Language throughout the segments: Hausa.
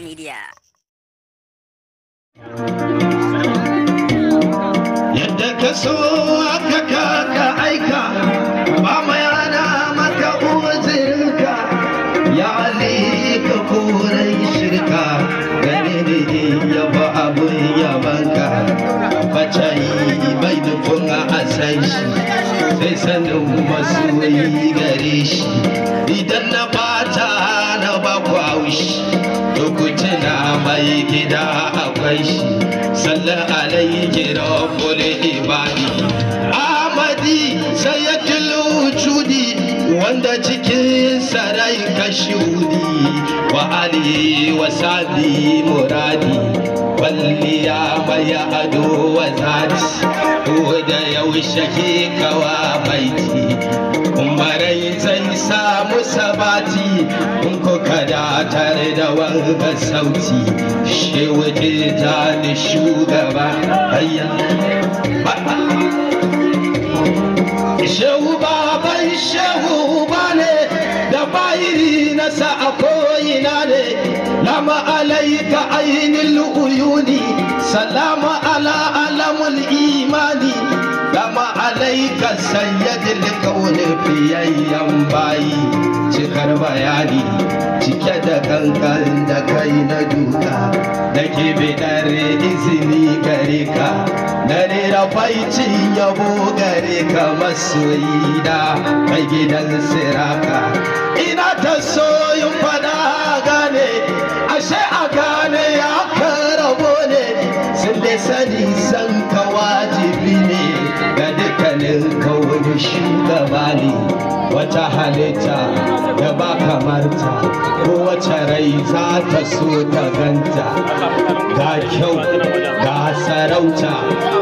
Media. Yadda ka so aka ka aika, ba mai rana maka uzirinka, ya Ali ka korai shirka, gane da yaba abin yabanka, bacayi bai nufin a san shi, sai sanin yi gare shi, idan na bata na bakwa haushi. da akwai shi sallar alayhi rabbul ibadi amadi sayyidul wujudi wanda cikin sarai ka shudi wa ali wa sabi muradi walliya maya ado wa zati ko da yaushe ke kawa baiti umarai zai samu sabati da walba sauti shi wuce ta ni shugaba hayya shehu baban shehu ba ne da bayiri nasa a koyina ne lama alaika ainihin uyuni salama ala alamul imani alaika sayyadil kauni fiyayyen bayi cikar bayani cike da kankan da kai na duka da ke bidar izini gare ka na rera faicin yabo gare ka masoyi da kai gidan siraka ina ta soyin fada gane ashe a gane ya karabo ne sun sani san ka wajibi matsayinka wani shugaba wata halitta da ba kamarta ko wace rai za ta so ta ganta ga kyau ga sarauta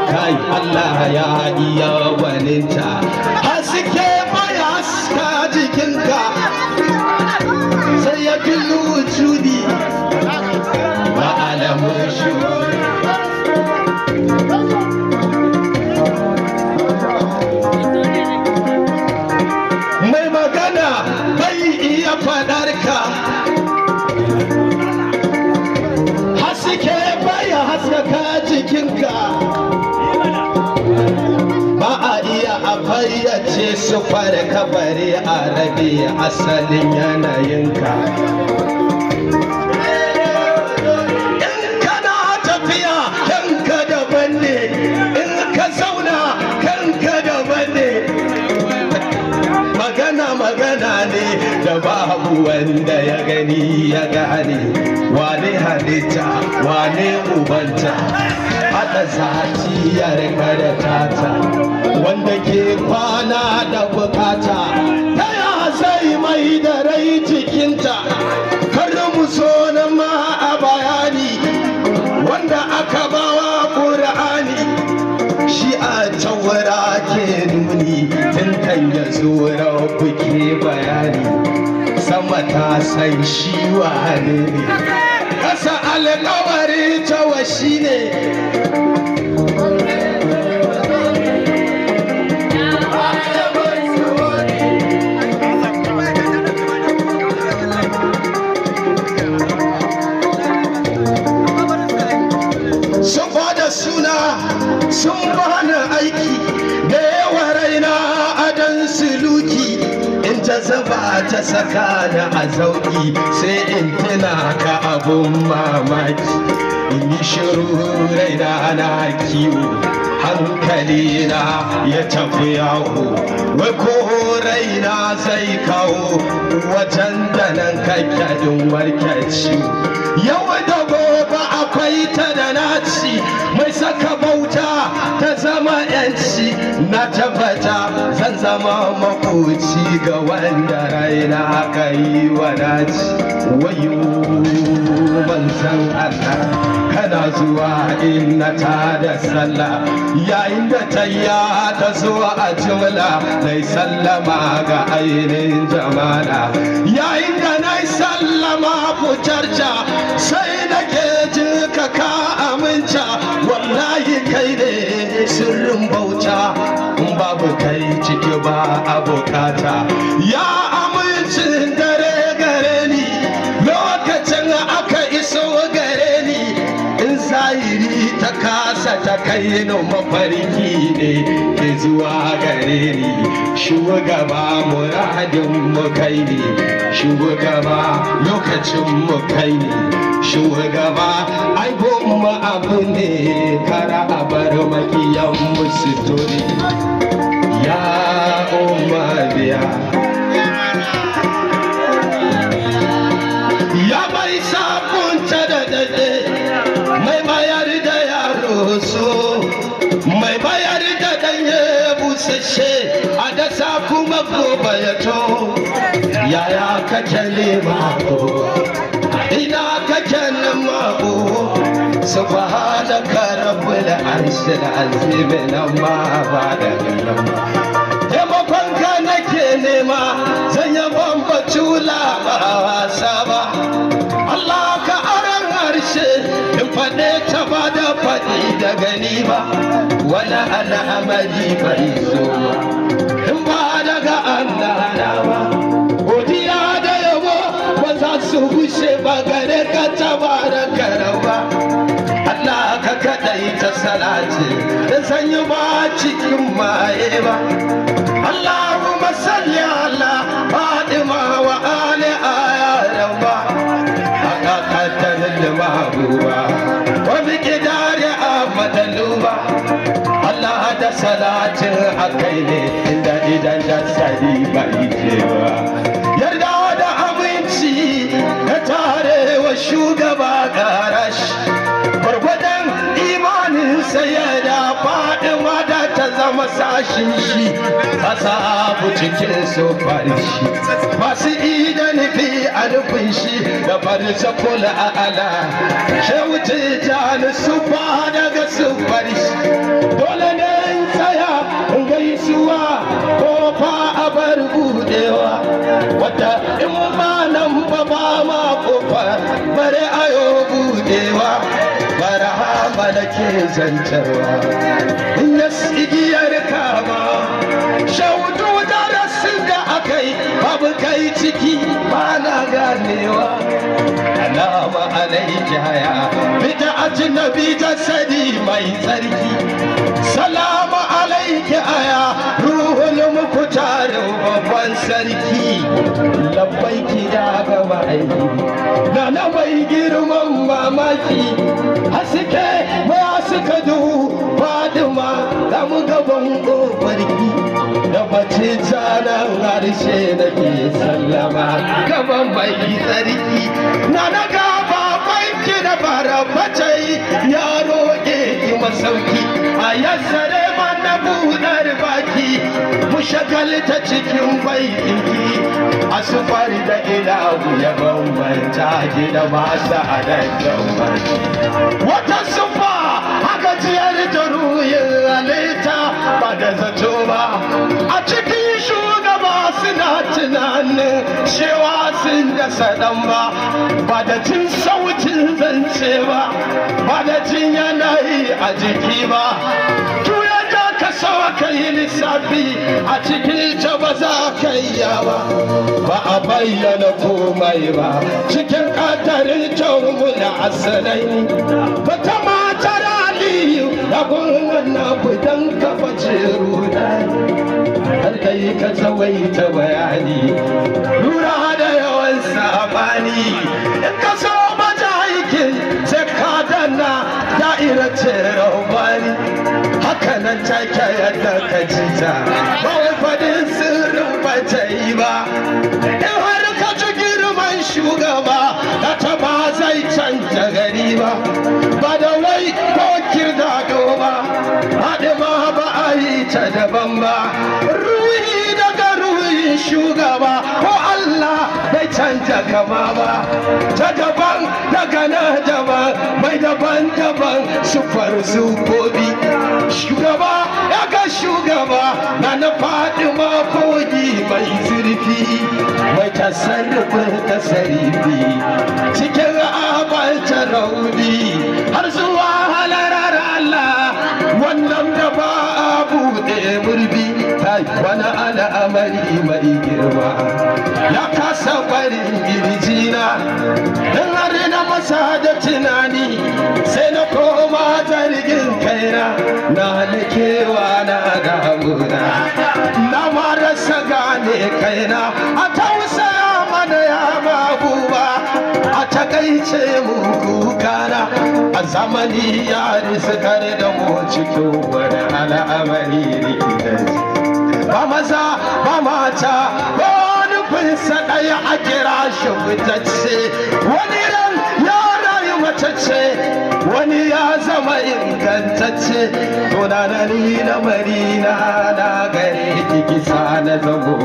kai Allah ya iya waninta haske baya haska jikinka sai ya fi wujudi ba alamun shugaba siffar kabari a rabi asalin ka. in kana tafiya kanka daban ne in ka zauna kanka daban ne magana magana ne da babu wanda ya gani ya gane wane halitta wane ubanta haɗa zatiyar kada tata wanda ke kwana da bukata ta ya zai mai da rai cikinta kar mu so na ma a bayani wanda aka bawa ƙur'ani shi a tawara ke nuni tun kan ya zo ke bayani sama ta san shi wa ne kasa alƙawari ta wa ne sun bani aiki da yawa raina adan siluki in ta zaba ta saka da a zauki sai in tuna ka abun mamaki in yi shiru raina na kiwo hankali na ya tafi yawo wai ko raina zai kawo wajen da nan kakkadin warke ciwo yau da gobe akwai ta da naci saka bauta ta zama yanci na tabbata zan zama makoci ga wanda raina aka yi wa naci wayo san Allah kana zuwa in na ta da sallah yayin da tayya ta zo a jumla nai sallama ga ainihin jamala yayin da na sallama fucarca sai nake jika ka aminta kai ne sirrin bauta in babu kai ciki ba a bukata ya amincin dare gare ni lokacin aka iso gare ni in zahiri ta kasa ta kai no mafarki ne ke zuwa gare ni shugaba muradin mu kai ne shugaba lokacin mu kai ne shugaba aibo kuma abu ne kara a bar makiyan musituri ya biya ya mai sabunta da dade mai bayar da yaro so mai bayar da danye busashe a dasa kuma gobe ya to yaya kake nema ko ina kake سبحانك رب العرش العظيم nan. بعدك لما taimakon ka nake nema zan yi bambacu wasa ba Allah ka aran harshe in faɗe ta ba da faɗi da gani ba wani al'amari bai zo ba in ba daga Allah na ba godiya da yabo ba za su gushe ba gare ka tabaraka lalace da sanyi ba cikin maye ba Allahu masalli ala Fatima wa ali ayaran ba haka kadar da mahabuba wa biki dare a madaluba Allah da salatin akai ne inda idan da sani ba ike ba sashin shi a sabu cikin su farshi masu idan nufi a nufin shi da farsa kula a ala wuce jani su ba daga su farshi dole ne in tsaya in gaisuwa ko fa a bar budewa wata in ma nan ba ba ma ake zantarwa in ya igiyar kama shaudu darasin da aka yi babu kai ciki ba na ganewa alama alaiki haya bita ajinabi ta sadi mai tsarki salama alaiki haya muku mukutarin babban sarki labbai ki da gaba aiki na na mai girman mamaki haske suka duhu fadima ga mu gaban kofarki da bace canan harshe da ke sallama gaban mai tsarki na na gaba banki da bara bacai ya roƙe ki masauki a yassare na buɗar baki mu shagalta cikin baiki a sufari da ilahu ya bambanta gida masu a barci wata da zato ba a cikin shugaba suna tunanin cewa sun da saɗan ba ba da jin sautin zance ba ba da jin yanayi a jiki ba tuya da ka sawa ka yi lissafi a cikin ta ba za ka yi ba ba a bayyana komai ba cikin ƙatarin kyau muna asalai ba ta rabon na fitan kafa cero da har kai ka ta bayani lura da yawan sabani in ka so mata aikin sai ka danna da'ira ce raubani haka nan take yadda ka ji ta ba wai fadin sirrin ba ta yi ba in har ka ci girman shugaba ta ba zai canja gari ba ba da wai ko daban ba ruhi daga ruhin shugaba ko Allah bai canja kama ba ta daban daga na daban mai daban daban sufar zubobi shugaba ya ga shugaba na na faɗi makogi mai zurfi mai tasarrufin tasarifi kasa girjina dan har na masa da tunani sai na koma zargin kaina na likewa na gamuna na marasa gane kaina a tausaya mana ya babu ba a takaice mu kukara a zamani ya risar da mu cikin wani al'amari ne ba maza ba mata ba mahaifinsa ɗaya a kira shi fitacce wani ran ya rayu matacce wani ya zama ingantacce tunanani na marina na gare kisa na zamo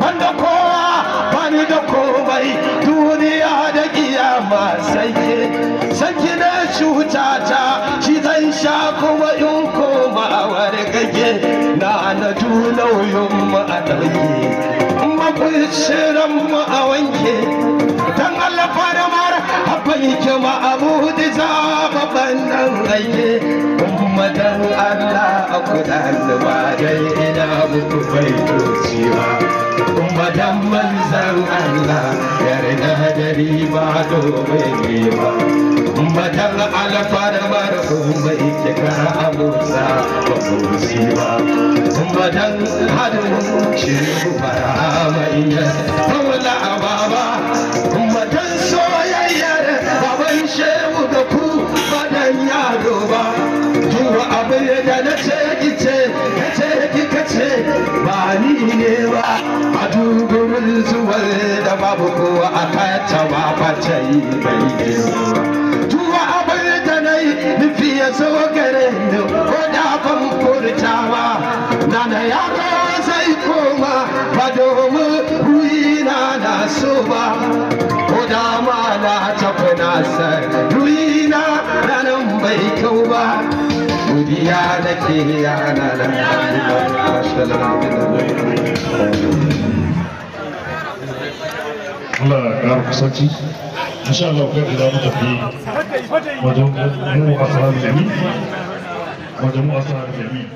banda kowa bani da komai duniya da kiyama sai sanki na cutata shi zan sha kuma na na junauyin mu a ɗauke mafishiran mu a wanke don alfarmar mulki ma'abud zababan nan raye ummadan Allah a kuda zuba dai ina muku bai ba ummadan manzan Allah yarda da riba domin riba ummatan alfarmar ummai kika abusa ba kusi ba ummatan hadin shirin fara mai yasa kawai la'ababa da ku fadan yaro ba duba abin da na ce kice ka ba ni ne ba a duburin zuwar da babu kowa a kayata ba face yi bai ne duba abin da na yi nufi ya so gare ni ko da ban ba na na yaro sai koma ba domin ruina na so ba ko da ma na tafi na sai wurina ranan bai kyau ba godiya nake yana Allah ya ƙara kusanci insha Allah kai da mu tafi wajen mu wajen mu